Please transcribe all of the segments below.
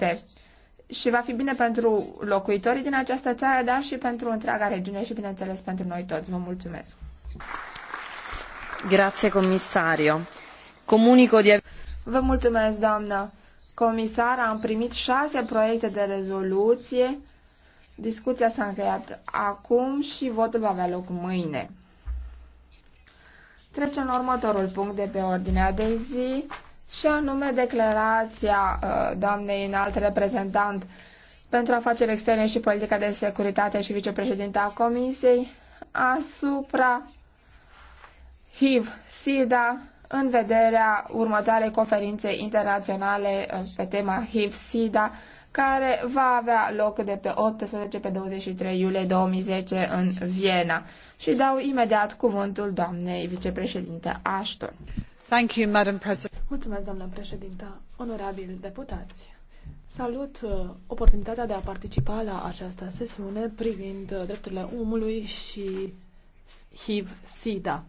corecte și va fi bine pentru locuitorii din această țară, dar și pentru întreaga regiune și, bineînțeles, pentru noi toți. Vă mulțumesc! Grazie, comisario. Comunico di... Vă mulțumesc, doamnă comisar. Am primit șase proiecte de rezoluție. Discuția s-a încheiat acum și votul va avea loc mâine. Trecem la următorul punct de pe ordinea de zi și anume declarația uh, doamnei înalt reprezentant pentru afaceri externe și politica de securitate și vicepreședinta Comisiei asupra HIV-SIDA în vederea următoarei conferințe internaționale uh, pe tema HIV-SIDA care va avea loc de pe 18 pe 23 iulie 2010 în Viena. Și dau imediat cuvântul doamnei vicepreședinte Ashton. Thank you, Madam President. Mulțumesc, doamnă președintă, onorabili deputați. Salut uh, oportunitatea de a participa la această sesiune privind uh, drepturile omului și HIV-SIDA.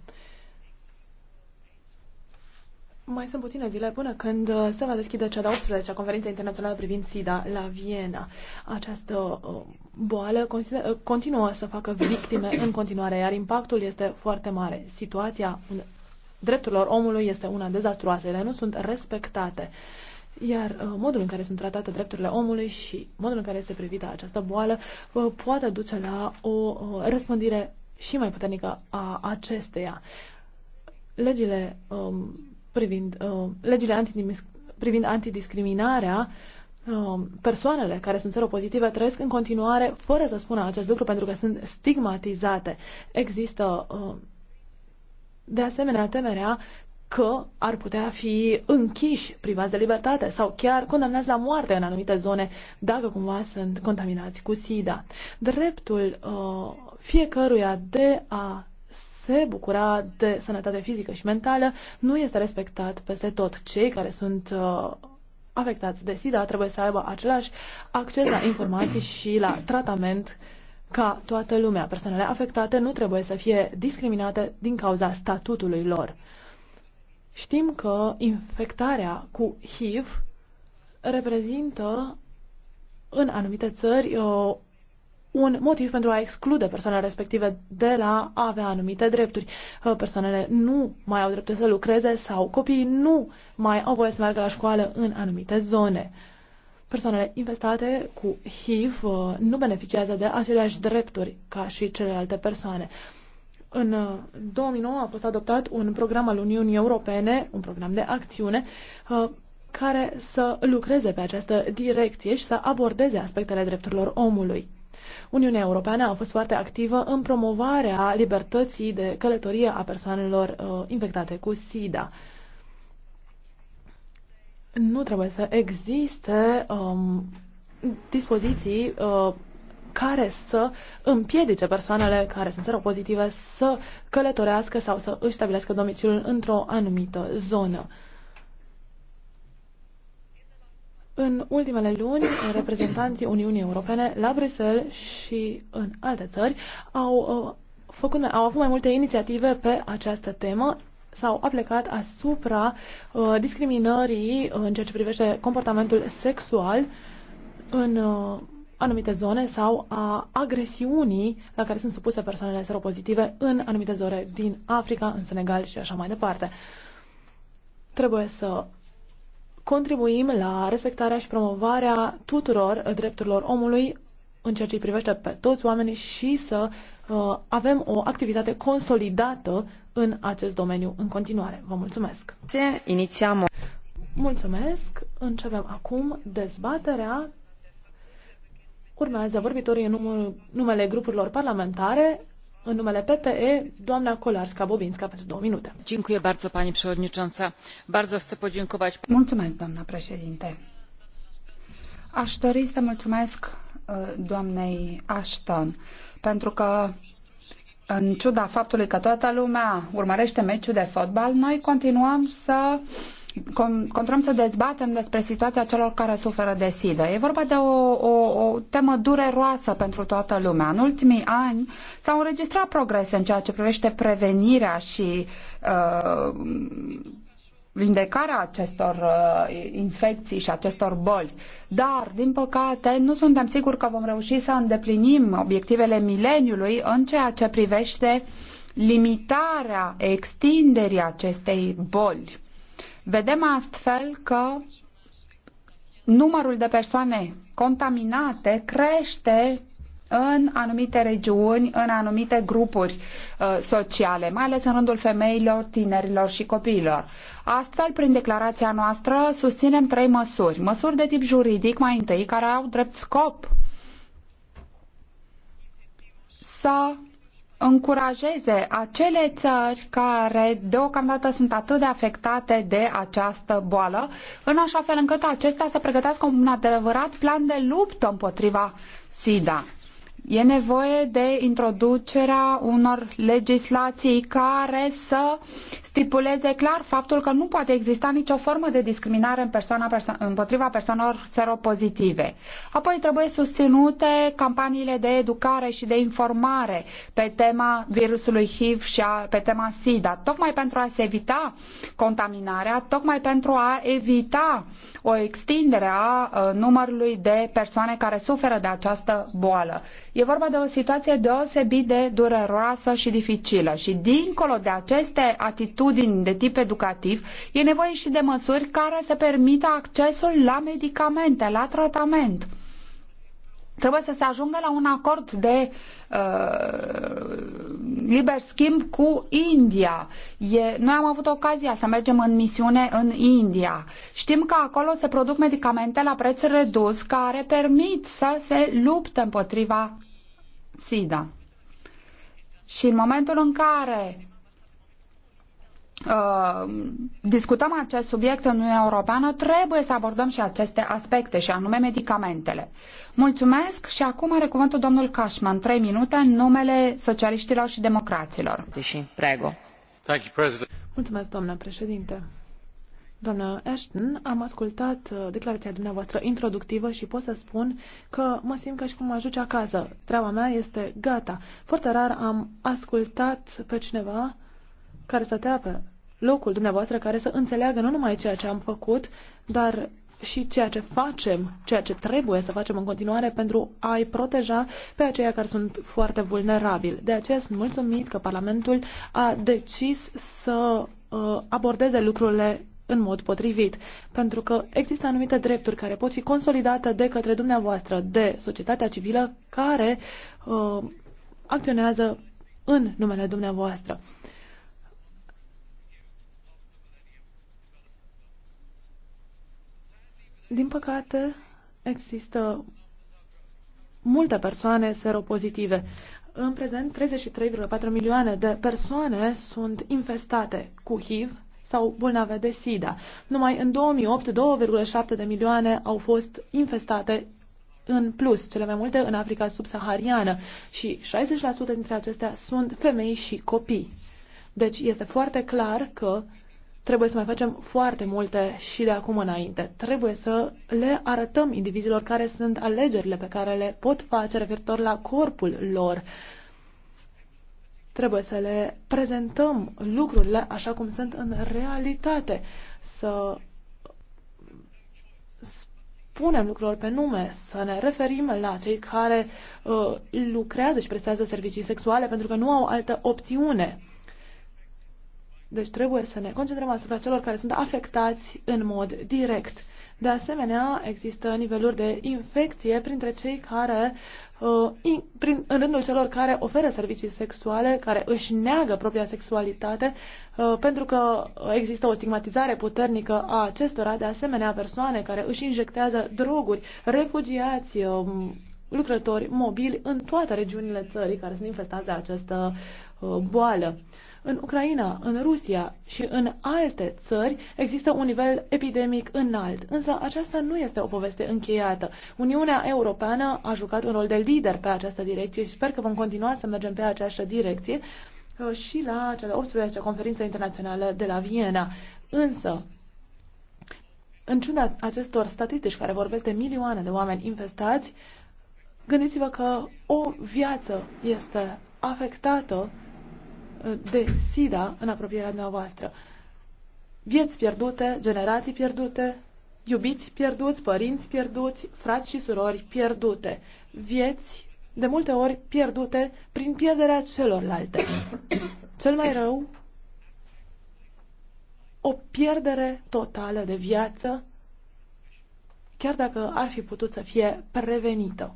Mai sunt puține zile până când uh, se va deschide cea de 18-a conferință internațională privind SIDA la Viena. Această boală continuă să facă victime în continuare, iar impactul este foarte mare. Situația drepturilor omului este una dezastruoasă, ele nu sunt respectate. Iar uh, modul în care sunt tratate drepturile omului și modul în care este privită această boală uh, poate duce la o uh, răspândire și mai puternică a acesteia. Legile um, privind uh, legile privind antidiscriminarea uh, persoanele care sunt seropozitive trăiesc în continuare fără să spună acest lucru pentru că sunt stigmatizate. Există de asemenea temerea că ar putea fi închiși, privați de libertate sau chiar condamnați la moarte în anumite zone dacă cumva sunt contaminați cu SIDA. Dreptul uh, fiecăruia de a se bucura de sănătate fizică și mentală nu este respectat peste tot. Cei care sunt uh, afectați de SIDA trebuie să aibă același acces la informații și la tratament uh, ca toată lumea. Persoanele afectate nu trebuie să fie discriminate din cauza statutului lor. Știm că infectarea cu HIV reprezintă în anumite țări o uh, un motiv pentru a exclude persoanele respective de la a avea anumite drepturi. Uh, persoanele nu mai au dreptul să lucreze sau copiii nu mai au voie să meargă la școală în anumite zone persoanele infestate cu HIV uh, nu beneficiază de aceleași drepturi ca și celelalte persoane. În 2009 uh, a fost adoptat un program al Uniunii Europene, un program de acțiune, uh, care să lucreze pe această direcție și să abordeze aspectele drepturilor omului. Uniunea Europeană a fost foarte activă în promovarea libertății de călătorie a persoanelor infectate cu SIDA nu trebuie să existe um, dispoziții uh, care să împiedice persoanele care sunt seropozitive să călătorească sau să își stabilească domiciliul într-o anumită zonă. În ultimele luni, reprezentanții Uniunii Europene la Bruxelles și în alte țări au, uh, făcut, au avut mai multe inițiative pe această temă, sau a plecat asupra uh, discriminării uh, în ceea ce privește comportamentul sexual în uh, anumite zone sau a agresiunii la care sunt supuse persoanele seropozitive în anumite zone din Africa, în Senegal și așa mai departe. Trebuie să contribuim la respectarea și promovarea tuturor drepturilor omului în ceea ce îi privește pe toți oamenii și să uh, avem o activitate consolidată în acest domeniu în continuare. Vă mulțumesc! Se Inițiam. Mulțumesc! Începem acum dezbaterea. Urmează vorbitorii în numul, numele grupurilor parlamentare. În numele PPE, doamna Kolarska-Bobinska, pentru două minute. Dziękuję bardzo, pani przewodnicząca. Bardzo chcę podziękować. Mulțumesc, doamna președinte. Aș dori să mulțumesc doamnei Ashton pentru că în ciuda faptului că toată lumea urmărește meciul de fotbal, noi continuăm să continuăm să dezbatem despre situația celor care suferă de SIDA. E vorba de o, o, o temă dureroasă pentru toată lumea. În ultimii ani s-au înregistrat progrese în ceea ce privește prevenirea și uh, vindecarea acestor uh, infecții și acestor boli. Dar, din păcate, nu suntem siguri că vom reuși să îndeplinim obiectivele mileniului în ceea ce privește limitarea extinderii acestei boli. Vedem astfel că numărul de persoane contaminate crește în anumite regiuni, în anumite grupuri uh, sociale, mai ales în rândul femeilor, tinerilor și copiilor. Astfel, prin declarația noastră, susținem trei măsuri. Măsuri de tip juridic, mai întâi, care au drept scop să încurajeze acele țări care deocamdată sunt atât de afectate de această boală, în așa fel încât acestea să pregătească un adevărat plan de luptă împotriva SIDA. E nevoie de introducerea unor legislații care să stipuleze clar faptul că nu poate exista nicio formă de discriminare în persoana, perso- împotriva persoanelor seropozitive. Apoi trebuie susținute campaniile de educare și de informare pe tema virusului HIV și a, pe tema SIDA, tocmai pentru a se evita contaminarea, tocmai pentru a evita o extindere a uh, numărului de persoane care suferă de această boală. E vorba de o situație deosebit de dureroasă și dificilă și dincolo de aceste atitudini de tip educativ, e nevoie și de măsuri care să permită accesul la medicamente, la tratament. Trebuie să se ajungă la un acord de uh, liber schimb cu India. E, noi am avut ocazia să mergem în misiune în India. Știm că acolo se produc medicamente la preț redus care permit să se lupte împotriva SIDA. Și în momentul în care Uh, discutăm acest subiect în Uniunea Europeană, trebuie să abordăm și aceste aspecte, și anume medicamentele. Mulțumesc și acum are cuvântul domnul Cashman, trei minute, în numele socialiștilor și democraților. Deși, prego. Thank you, President. Mulțumesc, doamnă președinte. Doamnă Ashton, am ascultat uh, declarația dumneavoastră introductivă și pot să spun că mă simt ca și cum ajunge acasă. Treaba mea este gata. Foarte rar am ascultat pe cineva care stătea pe locul dumneavoastră care să înțeleagă nu numai ceea ce am făcut, dar și ceea ce facem, ceea ce trebuie să facem în continuare pentru a-i proteja pe aceia care sunt foarte vulnerabili. De aceea sunt mulțumit că Parlamentul a decis să uh, abordeze lucrurile în mod potrivit, pentru că există anumite drepturi care pot fi consolidate de către dumneavoastră, de societatea civilă care uh, acționează în numele dumneavoastră. Uh, Din păcate, există multe persoane seropozitive. În prezent, 33,4 milioane de persoane sunt infestate cu HIV sau bolnave de SIDA. Numai în 2008, 2,7 de milioane au fost infestate în plus, cele mai multe în Africa subsahariană și 60% dintre acestea sunt femei și copii. Deci este foarte clar că Trebuie să mai facem foarte multe și de acum înainte. Trebuie să le arătăm indivizilor care sunt alegerile pe care le pot face referitor la corpul lor. Trebuie să le prezentăm lucrurile așa cum sunt în realitate, să punem lucrurilor pe nume, să ne referim la cei care uh, lucrează și prestează servicii sexuale pentru că nu au altă opțiune. Deci trebuie să ne concentrăm asupra celor care sunt afectați în mod direct. De asemenea, există niveluri de infecție printre cei care, uh, în rândul celor care oferă servicii sexuale, care își neagă propria sexualitate, uh, pentru că există o stigmatizare puternică a acestora, de asemenea persoane care își injectează droguri, refugiați, um, lucrători mobili în toate regiunile țării care sunt infestați de această Uh, boală. În Ucraina, în Rusia și în alte țări există un nivel epidemic înalt, însă aceasta nu este o poveste încheiată. Uniunea Europeană a jucat un rol de lider pe această direcție și sper că vom continua să mergem pe această direcție uh, și la cele 18 conferințe internaționale de la Viena. Însă, în ciuda acestor statistici care vorbesc de milioane de oameni infestați, gândiți-vă că o viață este afectată de SIDA în apropierea dumneavoastră. Vieți pierdute, generații pierdute, iubiți pierduți, părinți pierduți, frați și surori pierdute. Vieți de multe ori pierdute prin pierderea celorlalte. Cel mai rău, o pierdere totală de viață, chiar dacă ar fi putut să fie prevenită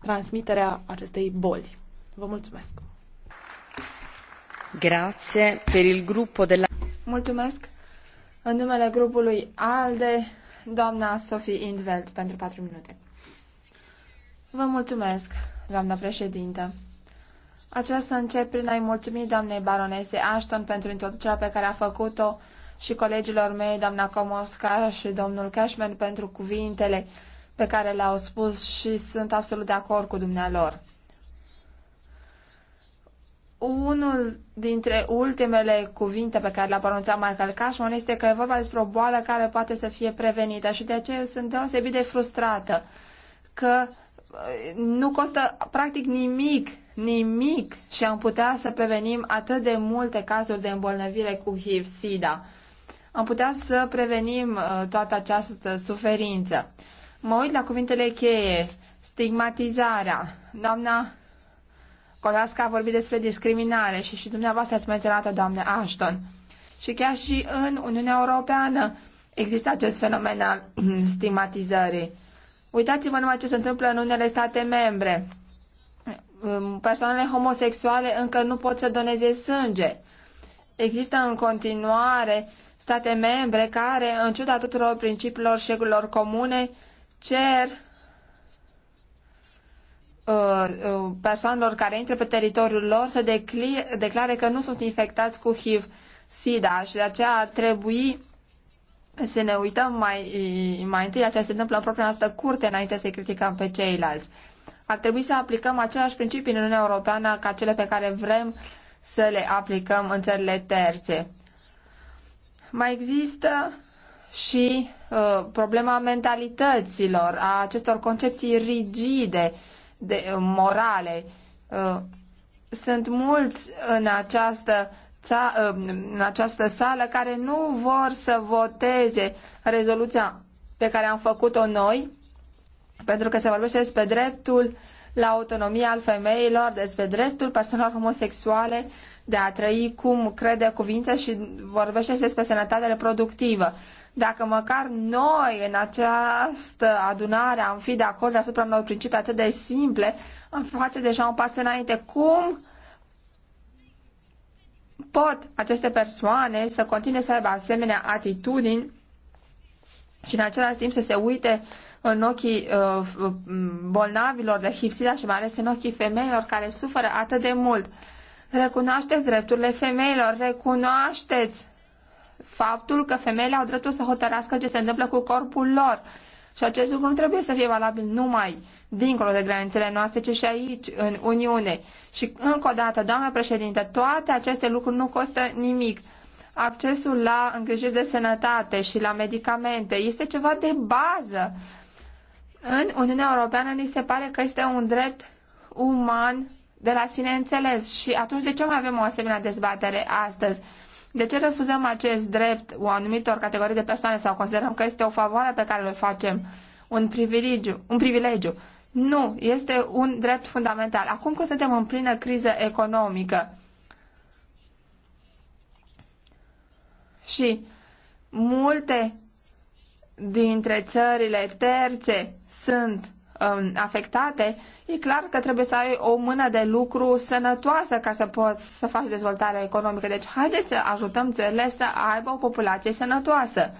transmiterea acestei boli. Vă mulțumesc! Grazie per il gruppo della... Mulțumesc. În numele grupului ALDE, doamna Sophie Indveld, pentru 4 minute. Vă mulțumesc, doamna președintă. Aș vrea să încep prin a-i mulțumi doamnei baronese Ashton pentru introducerea pe care a făcut-o și colegilor mei, doamna Comorska și domnul Cashman, pentru cuvintele pe care le-au spus și sunt absolut de acord cu dumnealor. Unul dintre ultimele cuvinte pe care le-a pronunțat Michael Cashman este că e vorba despre o boală care poate să fie prevenită și de aceea eu sunt deosebit de frustrată că uh, nu costă practic nimic, nimic și am putea să prevenim atât de multe cazuri de îmbolnăvire cu HIV-SIDA. Am putea să prevenim uh, toată această suferință. Mă uit la cuvintele cheie, stigmatizarea. Doamna Kodarska a vorbit despre discriminare și și dumneavoastră ați menționat-o, doamne Ashton. Și chiar și în Uniunea Europeană există acest fenomen al stigmatizării. Uitați-vă numai ce se întâmplă în unele state membre. Persoanele homosexuale încă nu pot să doneze sânge. Există în continuare state membre care, în ciuda tuturor principiilor și regulilor comune, cer Uh, uh, persoanelor care intră pe teritoriul lor să declare că nu sunt infectați cu HIV-SIDA și de aceea ar trebui să ne uităm mai, mai întâi la ce se întâmplă în propria noastră curte înainte să-i criticăm pe ceilalți. Ar trebui să aplicăm aceleași principii în Uniunea Europeană ca cele pe care vrem să le aplicăm în țările terțe. Mai există și uh, problema mentalităților, a acestor concepții rigide uh, de, uh, morale. Uh, sunt mulți în această, uh, în această sală care nu vor să voteze rezoluția pe care am făcut-o noi, pentru că se vorbește despre dreptul la autonomie al femeilor, despre dreptul persoanelor homosexuale de a trăi cum crede cuvinte și vorbește și despre sănătate reproductivă. Dacă măcar noi în această adunare am fi de acord asupra unor principii atât de simple, am face deja un pas înainte. Cum pot aceste persoane să continue să aibă asemenea atitudini și în același timp să se uite în ochii uh, bolnavilor de hipsida și mai ales în ochii femeilor care suferă atât de mult. Recunoașteți drepturile femeilor, recunoașteți faptul că femeile au dreptul să hotărască ce se întâmplă cu corpul lor. Și acest lucru nu trebuie să fie valabil numai dincolo de granițele noastre, ci și aici, în Uniune. Și încă o dată, doamnă președinte, toate aceste lucruri nu costă nimic. Accesul la îngrijiri de sănătate și la medicamente este ceva de bază. În Uniunea Europeană ni se pare că este un drept uman de la sine înțeles. Și atunci de ce mai avem o asemenea dezbatere astăzi? De ce refuzăm acest drept o anumitor categorii de persoane sau considerăm că este o favoare pe care le facem un privilegiu? Un privilegiu? Nu, este un drept fundamental. Acum că suntem în plină criză economică și multe dintre țările terțe sunt Um, afectate, e clar că trebuie să ai o mână de lucru sănătoasă ca să poți să faci dezvoltarea economică. Deci haideți să ajutăm țările să aibă o populație sănătoasă.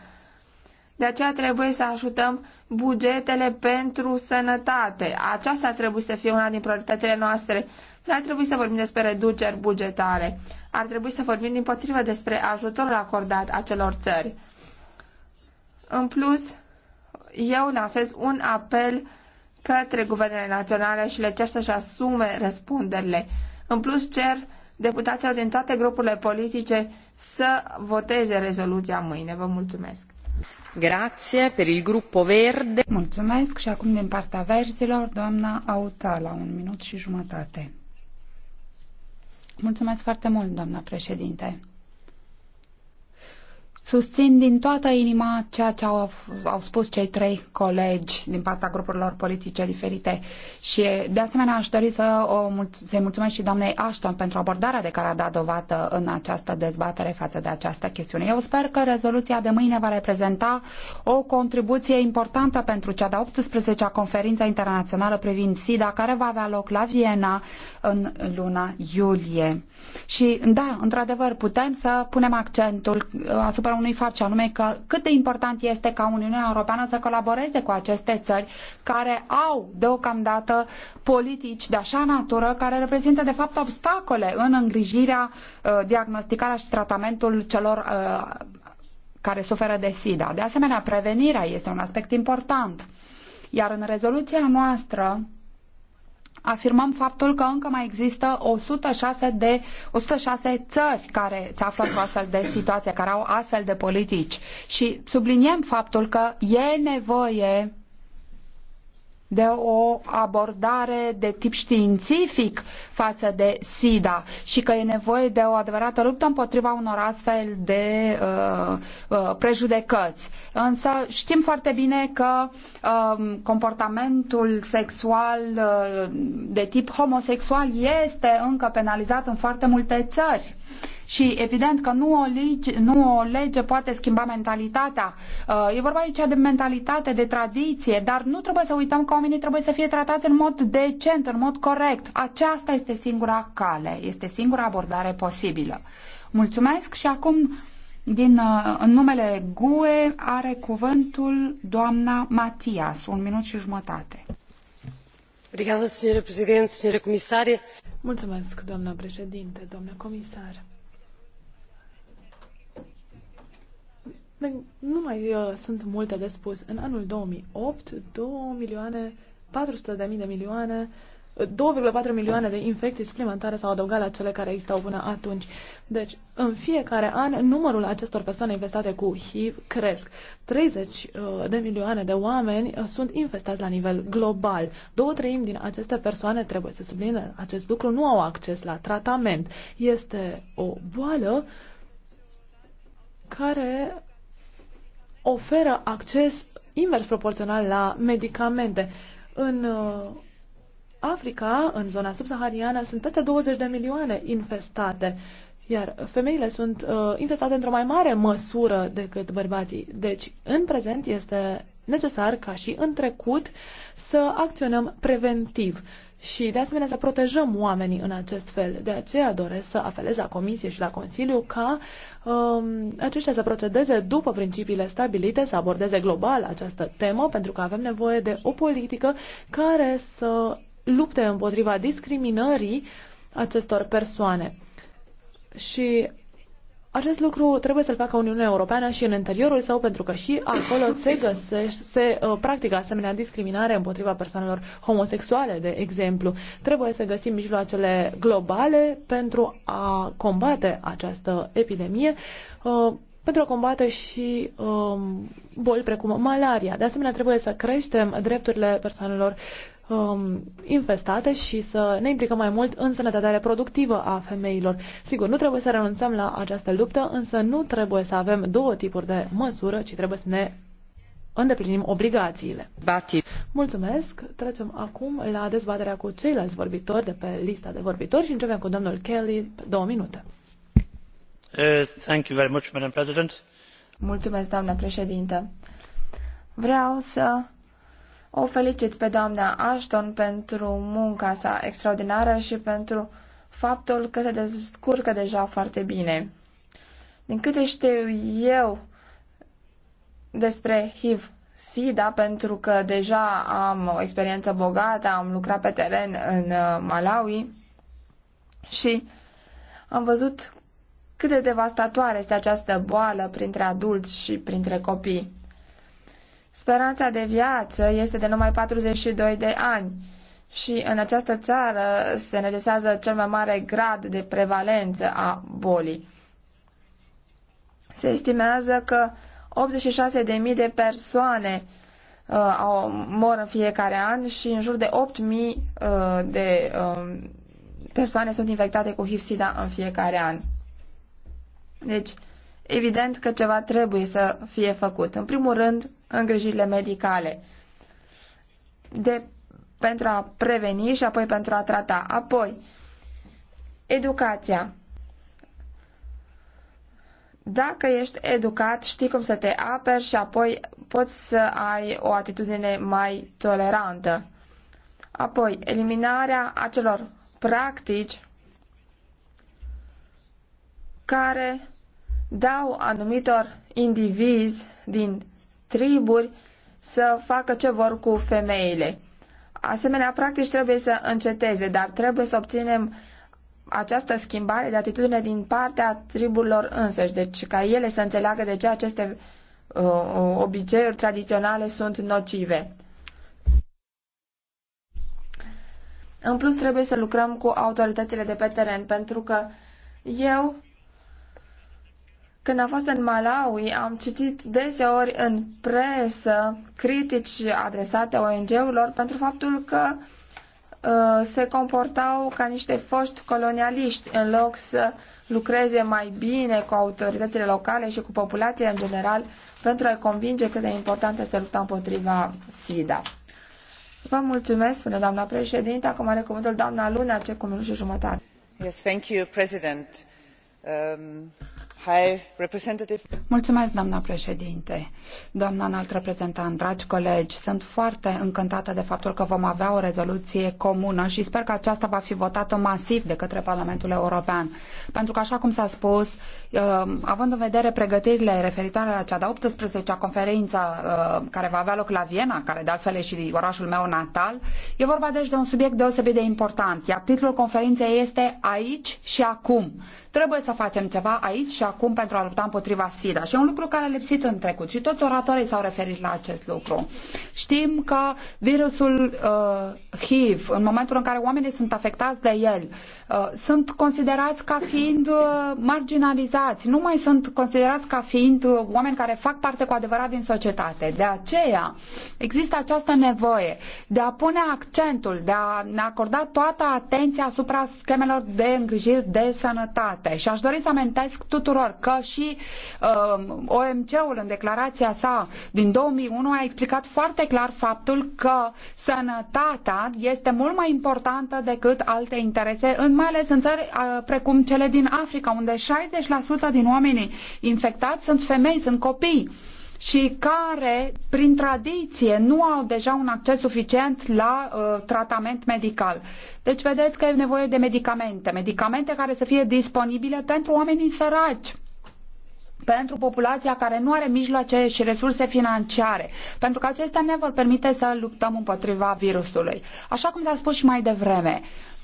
De aceea trebuie să ajutăm bugetele pentru sănătate. Aceasta trebuie să fie una din prioritățile noastre. Nu ar trebui să vorbim despre reduceri bugetare. Ar trebui să vorbim din potrivă despre ajutorul acordat acelor țări. În plus, eu lansez un apel către guvernele naționale și le cer să-și asume răspunderile. În plus, cer deputaților din toate grupurile politice să voteze rezoluția mâine. Vă mulțumesc! Grazie per il gruppo verde. Mulțumesc și acum din partea verzilor, doamna Auta, la un minut și jumătate. Mulțumesc foarte mult, doamna președinte. Susțin din toată inima ceea ce au, au spus cei trei colegi din partea grupurilor politice diferite și de asemenea aș dori să o, să-i mulțumesc și doamnei Ashton pentru abordarea de care a dat dovadă în această dezbatere față de această chestiune. Eu sper că rezoluția de mâine va reprezenta o contribuție importantă pentru cea de-a 18-a conferință internațională privind SIDA care va avea loc la Viena în luna iulie. Și da, într-adevăr, putem să punem accentul uh, asupra unui fapt, și anume că cât de important este ca Uniunea Europeană să colaboreze cu aceste țări care au deocamdată politici de așa natură care reprezintă de fapt obstacole în îngrijirea, uh, diagnosticarea și tratamentul celor uh, care suferă de SIDA. De asemenea, prevenirea este un aspect important. Iar în rezoluția noastră afirmăm faptul că încă mai există 106, de, 106 țări care se află într-o astfel de situație, care au astfel de politici și subliniem faptul că e nevoie de o abordare de tip științific față de SIDA și că e nevoie de o adevărată luptă împotriva unor astfel de uh, uh, prejudecăți. Însă știm foarte bine că uh, comportamentul sexual uh, de tip homosexual este încă penalizat în foarte multe țări. Uh, și evident că nu o, lege, nu o lege poate schimba mentalitatea. Uh, e vorba aici de mentalitate, de tradiție, dar nu trebuie să uităm că oamenii trebuie să fie tratați în mod decent, în mod corect. Aceasta este singura cale, este singura abordare posibilă. Mulțumesc și acum din, uh, în numele GUE are cuvântul doamna Matias, un minut și jumătate. Mulțumesc, doamna președinte, doamna comisar. Nu mai uh, sunt multe de spus. În anul 2008, 2 milioane, 400 de mii de milioane, 2,4 milioane de infecții suplimentare s-au adăugat la cele care existau până atunci. Deci, în fiecare an, numărul acestor persoane infestate cu HIV cresc. 30 uh, de milioane de oameni uh, sunt infestați la nivel global. Două treimi din aceste persoane, trebuie să sublinie acest lucru, nu au acces la tratament. Este o boală care oferă acces invers proporțional la medicamente. În uh, Africa, în zona subsahariană, sunt peste 20 de milioane infestate, iar femeile sunt uh, infestate într-o mai mare măsură decât bărbații. Deci, în prezent, este necesar ca și în trecut să acționăm preventiv și de asemenea să protejăm oamenii în acest fel. De aceea doresc să apelez la Comisie și la Consiliu ca um, aceștia să procedeze după principiile stabilite, să abordeze global această temă, pentru că avem nevoie de o politică care să lupte împotriva discriminării acestor persoane. Și acest lucru trebuie să-l facă Uniunea Europeană și în interiorul său, pentru că și acolo se găsește, se uh, practică asemenea discriminare împotriva persoanelor homosexuale, de exemplu. Trebuie să găsim mijloacele globale pentru a combate această epidemie, uh, pentru a combate și um, boli precum malaria. De asemenea, trebuie să creștem drepturile persoanelor Um, infestate și să ne implicăm mai mult în sănătatea reproductivă a femeilor. Sigur, nu trebuie să renunțăm la această luptă, însă nu trebuie să avem două tipuri de măsură, ci trebuie să ne îndeplinim obligațiile. Bati. Mulțumesc! Trecem acum la dezbaterea cu ceilalți vorbitori de pe lista de vorbitori și începem cu domnul Kelly, două minute. Uh, thank you very much, Madam President. Mulțumesc, doamnă președintă. Vreau să o felicit pe doamna Ashton pentru munca sa extraordinară și pentru faptul că se descurcă deja foarte bine. Din câte știu eu despre HIV SIDA, pentru că deja am o experiență bogată, am lucrat pe teren în uh, Malawi și am văzut cât de devastatoare este această boală printre adulți și printre copii. Speranța de viață este de numai 42 de ani și în această țară se necesează cel mai mare grad de prevalență a bolii. Se estimează că 86.000 de persoane uh, au, mor în fiecare an și în jur de 8.000 uh, de uh, persoane sunt infectate cu HIV-SIDA în fiecare an. Deci, evident că ceva trebuie să fie făcut. În primul rând, îngrijirile medicale. De, pentru a preveni și apoi pentru a trata. Apoi, educația. Dacă ești educat, știi cum să te aperi și apoi poți să ai o atitudine mai tolerantă. Apoi, eliminarea acelor practici care dau anumitor indivizi din triburi să facă ce vor cu femeile. Asemenea, practici trebuie să înceteze, dar trebuie să obținem această schimbare de atitudine din partea triburilor însăși, deci ca ele să înțeleagă de ce aceste uh, obiceiuri tradiționale sunt nocive. În plus, trebuie să lucrăm cu autoritățile de pe teren, pentru că eu când am fost în Malawi, am citit deseori în presă critici adresate ONG-urilor pentru faptul că uh, se comportau ca niște foști colonialiști în loc să lucreze mai bine cu autoritățile locale și cu populația în general pentru a-i convinge cât de important este lupta împotriva SIDA. Vă mulțumesc, spune doamna președinte. Acum are cuvântul doamna Luna, ce cu minut și jumătate. Yes, thank you, President. Um... Mulțumesc, președinte, doamna înalt reprezentant, dragi colegi. Sunt foarte încântată de faptul că vom avea o rezoluție comună și sper că aceasta va fi votată masiv de către Parlamentul European. Pentru că, așa cum s-a spus, um, având în vedere pregătirile referitoare la cea de-a 18-a conferință um, care va avea loc la Viena, care de altfel e și orașul meu natal, e vorba deci de un subiect deosebit de important. Iar titlul conferinței este Aici și acum. Trebuie să facem ceva aici și acum pentru a lupta împotriva SIDA. Și e un lucru care a lipsit în trecut și toți oratorii s-au referit la acest lucru. Știm că virusul uh, HIV, în momentul în care oamenii sunt afectați de el, uh, sunt considerați ca fiind uh, marginalizați, nu mai sunt considerați ca fiind uh, oameni care fac parte cu adevărat din societate. De aceea există această nevoie de a pune accentul, de a ne acorda toată atenția asupra schemelor de îngrijiri de sănătate. Și aș dori să amintesc tuturor tuturor că și uh, OMC-ul în declarația sa din 2001 a explicat foarte clar faptul că sănătatea este mult mai importantă decât alte interese, în, mai ales în țări uh, precum cele din Africa, unde 60% din oamenii infectați sunt femei, sunt copii și care, prin tradiție, nu au deja un acces suficient la uh, tratament medical. Deci vedeți că e nevoie de medicamente, medicamente care să fie disponibile pentru oamenii săraci pentru populația care nu are mijloace și resurse financiare, pentru că acestea ne vor permite să luptăm împotriva virusului. Așa cum s-a spus și mai devreme, uh,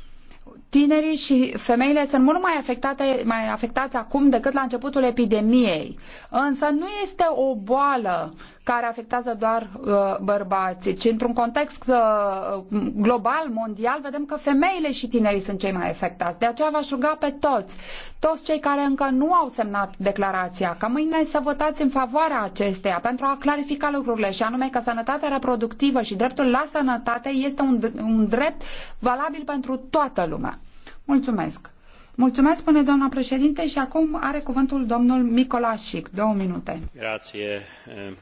tinerii și femeile sunt mult mai, afectate, mai afectați acum decât la începutul epidemiei. Însă nu este o boală care afectează doar uh, bărbații, ci într-un context uh, global, mondial, vedem că femeile și tinerii sunt cei mai afectați. De aceea v-aș ruga pe toți, toți cei care încă nu au semnat declarația, ca mâine să votați în favoarea acesteia pentru a clarifica lucrurile și anume că sănătatea reproductivă și dreptul la sănătate este un, un drept valabil pentru toată lumea. Mulțumesc. Mulțumesc, spune doamna președinte, și acum are cuvântul domnul Micolașic. Două minute. Grație. Eh,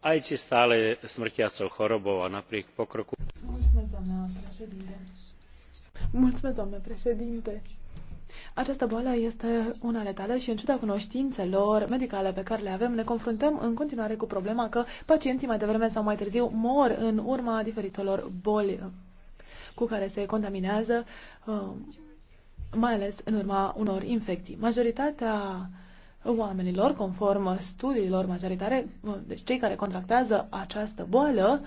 aici stale smrtiacou chorobou a napriek Mulțumesc, doamna președinte. Mulțumesc, doamna președinte. Această boală este una letală și în ciuda cunoștințelor medicale pe care le avem, ne confruntăm în continuare cu problema că pacienții mai devreme sau mai târziu mor în urma diferitelor boli cu care se contaminează, uh, mai ales în urma unor infecții. Majoritatea oamenilor, conform studiilor majoritare, uh, deci cei care contractează această boală,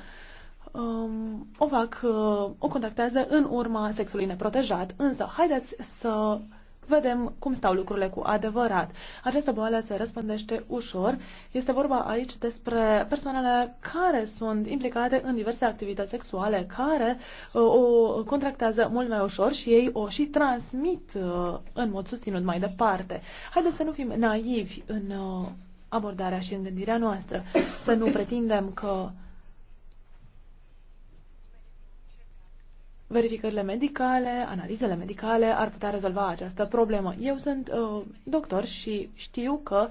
um, o fac, uh, o contactează în urma sexului neprotejat. Însă, haideți să vedem cum stau lucrurile cu adevărat. Această boală se răspândește ușor. Este vorba aici despre persoanele care sunt implicate în diverse activități sexuale, care uh, o contractează mult mai ușor și ei o și transmit uh, în mod susținut mai departe. Haideți să nu fim naivi în uh, abordarea și în gândirea noastră, să nu pretindem că verificările medicale, analizele medicale ar putea rezolva această problemă. Eu sunt uh, doctor și știu că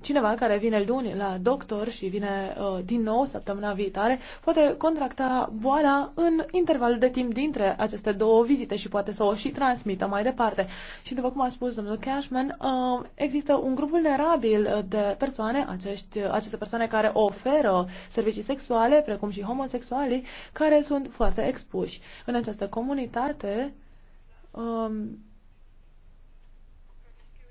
cineva care vine luni la doctor și vine uh, din nou săptămâna viitoare poate contracta boala în intervalul de timp dintre aceste două vizite și poate să o și transmită mai departe. Și după cum a spus domnul Cashman, uh, există un grup vulnerabil de persoane, acești, aceste persoane care oferă servicii sexuale, precum și homosexualii, care sunt foarte expuși. În această comunitate, uh,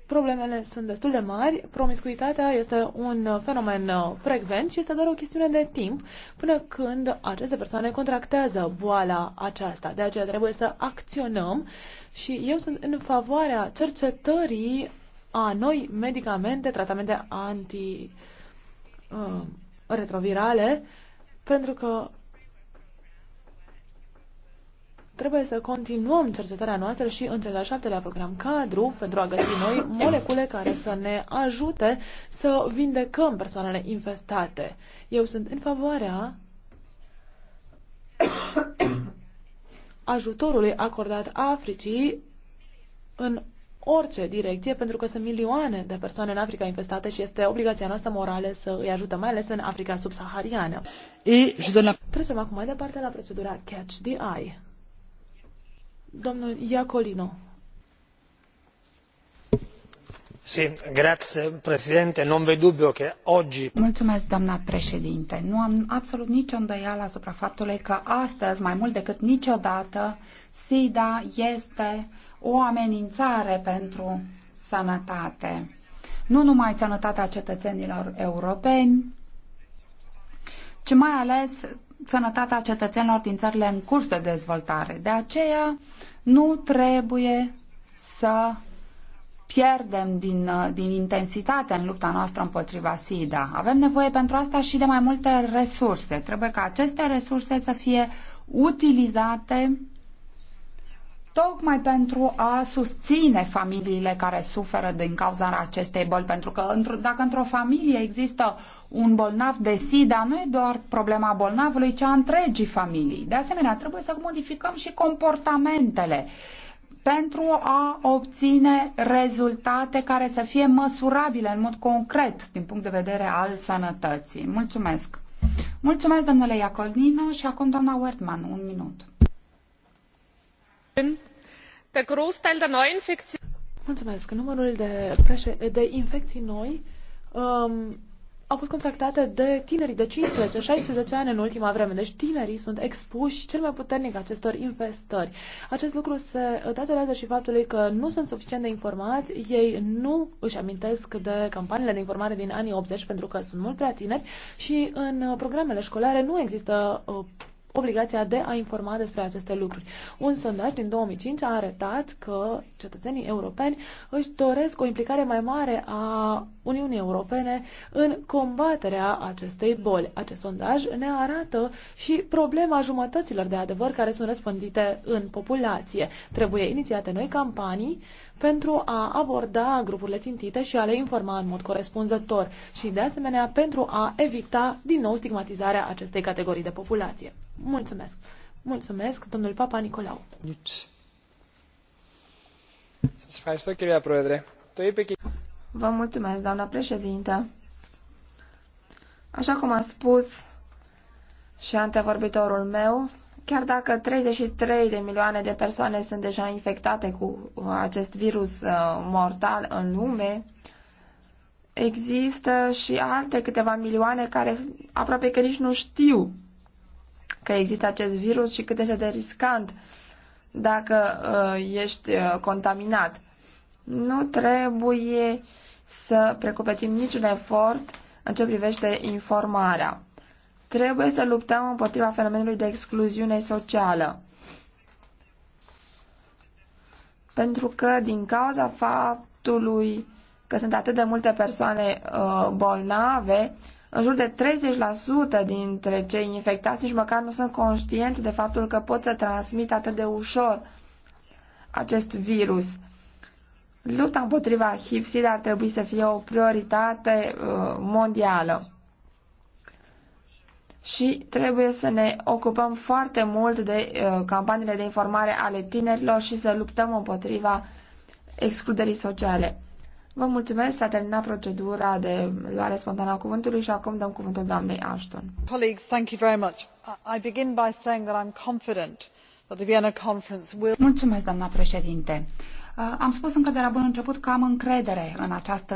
problemele sunt destul de mari, promiscuitatea este un fenomen uh, frecvent și este doar o chestiune de timp până când aceste persoane contractează boala aceasta. De aceea trebuie să acționăm și eu sunt în favoarea cercetării a noi medicamente, tratamente anti uh, retrovirale, pentru că trebuie să continuăm cercetarea noastră și în cel de-al șaptelea program cadru pentru a găsi noi molecule care să ne ajute să vindecăm persoanele infestate. Eu sunt în favoarea ajutorului acordat Africii în orice direcție, pentru că sunt milioane de persoane în Africa infestate și este obligația noastră morală să îi ajutăm, mai ales în Africa subsahariană. la... Trecem acum mai departe la procedura Catch the Eye. Domnul Iacolino. Mulțumesc, doamna președinte. Nu am absolut nicio îndoială asupra faptului că astăzi, mai mult decât niciodată, SIDA este o amenințare pentru sănătate. Nu numai sănătatea cetățenilor europeni, ci mai ales sănătatea cetățenilor din țările în curs de dezvoltare. De aceea nu trebuie să pierdem din, din intensitate în lupta noastră împotriva SIDA. Avem nevoie pentru asta și de mai multe resurse. Trebuie ca aceste resurse să fie utilizate tocmai pentru a susține familiile care suferă din cauza acestei boli. Pentru că dacă într-o familie există un bolnav de SIDA, nu e doar problema bolnavului, ci a întregii familii. De asemenea, trebuie să modificăm și comportamentele pentru a obține rezultate care să fie măsurabile în mod concret din punct de vedere al sănătății. Mulțumesc! Mulțumesc, domnule Iacolino, și acum doamna Wertman, un minut. Mulțumesc. Numărul de, de infecții noi um, au fost contractate de tinerii de 15-16 ani în ultima vreme. Deci tinerii sunt expuși cel mai puternic acestor infestări. Acest lucru se datorează și faptului că nu sunt suficient de informați, ei nu își amintesc de campaniile de informare din anii 80 pentru că sunt mult prea tineri și în programele școlare nu există uh, obligația de a informa despre aceste lucruri. Un sondaj din 2005 a arătat că cetățenii europeni își doresc o implicare mai mare a Uniunii Europene în combaterea acestei boli. Acest sondaj ne arată și problema jumătăților de adevăr care sunt răspândite în populație. Trebuie inițiate noi campanii pentru a aborda grupurile țintite și a le informa în mod corespunzător și, de asemenea, pentru a evita din nou stigmatizarea acestei categorii de populație. Mulțumesc! Mulțumesc, domnul Papa Nicolau! Vă mulțumesc, doamna președintă! Așa cum a spus și antevorbitorul meu, Chiar dacă 33 de milioane de persoane sunt deja infectate cu uh, acest virus uh, mortal în lume, există și alte câteva milioane care aproape că nici nu știu că există acest virus și cât este de riscant dacă uh, ești contaminat. Nu trebuie să precupețim niciun efort în ce privește informarea. Trebuie să luptăm împotriva fenomenului de excluziune socială. Pentru că din cauza faptului că sunt atât de multe persoane uh, bolnave, în jur de 30% dintre cei infectați nici măcar nu sunt conștienți de faptul că pot să transmit atât de ușor acest virus. Lupta împotriva HIV-SIDA ar trebui să fie o prioritate uh, mondială și trebuie să ne ocupăm foarte mult de uh, campaniile de informare ale tinerilor și să luptăm împotriva excluderii sociale. Vă mulțumesc, s-a terminat procedura de luare spontană a cuvântului și acum dăm cuvântul doamnei Ashton. Colleagues, thank you very much. I begin by saying that I'm confident that the Vienna conference will... Mulțumesc, doamna președinte. Uh, am spus încă de la bun început că am încredere în această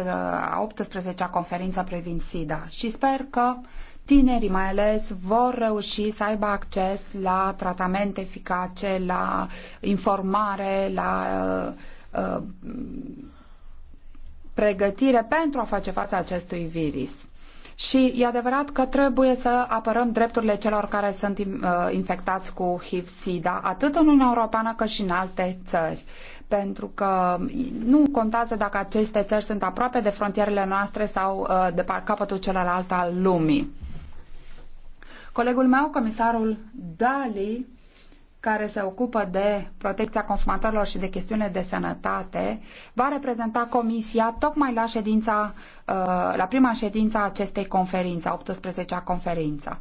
18-a uh, conferință privind SIDA și sper că tinerii mai ales vor reuși să aibă acces la tratament eficace, la informare, la uh, uh, pregătire pentru a face față acestui virus. Și e adevărat că trebuie să apărăm drepturile celor care sunt uh, infectați cu HIV-SIDA, atât în Uniunea Europeană cât și în alte țări. Pentru că nu contează dacă aceste țări sunt aproape de frontierele noastre sau uh, de capătul celălalt al lumii. Colegul meu, comisarul Dali, care se ocupă de protecția consumatorilor și de chestiune de sănătate, va reprezenta Comisia tocmai la, ședința, uh, la prima ședință a acestei conferințe, 18-a conferință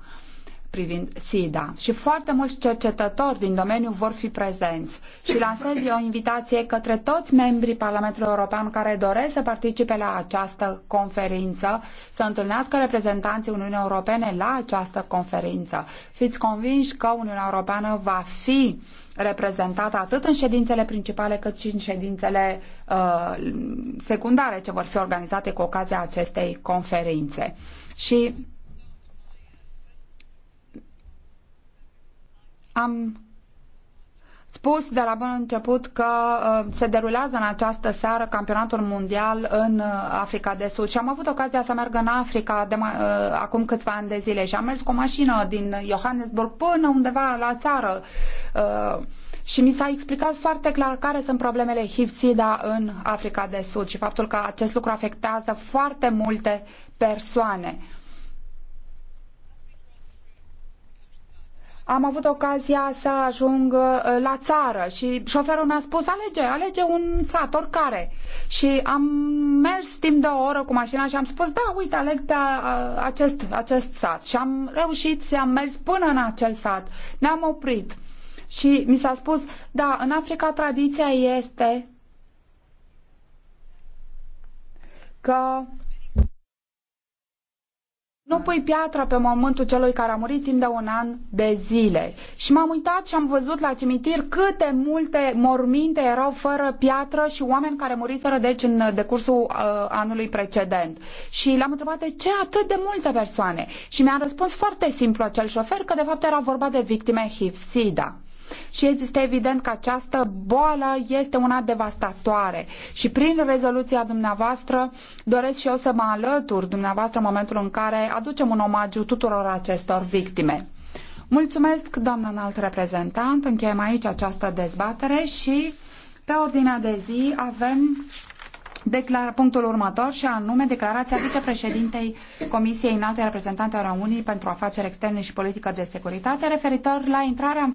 privind SIDA și foarte mulți cercetători din domeniu vor fi prezenți și lansez eu o invitație către toți membrii Parlamentului European care doresc să participe la această conferință, să întâlnească reprezentanții Uniunii Europene la această conferință. Fiți convinși că Uniunea Europeană va fi reprezentată atât în ședințele principale cât și în ședințele uh, secundare ce vor fi organizate cu ocazia acestei conferințe. Și Am spus de la bun început că uh, se derulează în această seară campionatul mondial în uh, Africa de Sud și am avut ocazia să merg în Africa de, uh, acum câțiva ani de zile și am mers cu o mașină din Johannesburg până undeva la țară și mi s-a explicat foarte clar care sunt problemele HIV-SIDA în Africa de Sud și faptul că acest lucru afectează foarte multe persoane. am avut ocazia să ajung uh, la țară și șoferul mi-a spus alege, alege un sat, oricare. Și am mers timp de o oră cu mașina și am spus da, uite, aleg pe uh, acest, acest sat. Și am reușit, am mers până în acel sat. Ne-am oprit. Și mi s-a spus, da, în Africa tradiția este că nu pui piatra pe mormântul celui care a murit timp de un an de zile. Și m-am uitat și am văzut la cimitir câte multe morminte erau fără piatră și oameni care muriseră deci în decursul uh, anului precedent. Și l-am întrebat de ce atât de multe persoane. Și mi-a răspuns foarte simplu acel șofer că de fapt era vorba de victime HIV-SIDA. Și este evident că această boală este una devastatoare. Și prin rezoluția dumneavoastră doresc și eu să mă alătur dumneavoastră în momentul în care aducem un omagiu tuturor acestor victime. Mulțumesc, doamna înalt reprezentant. Încheiem aici această dezbatere și pe ordinea de zi avem declar, punctul următor și anume declarația vicepreședintei Comisiei Înalte Reprezentante a Uniunii pentru Afaceri Externe și Politică de Securitate referitor la intrarea în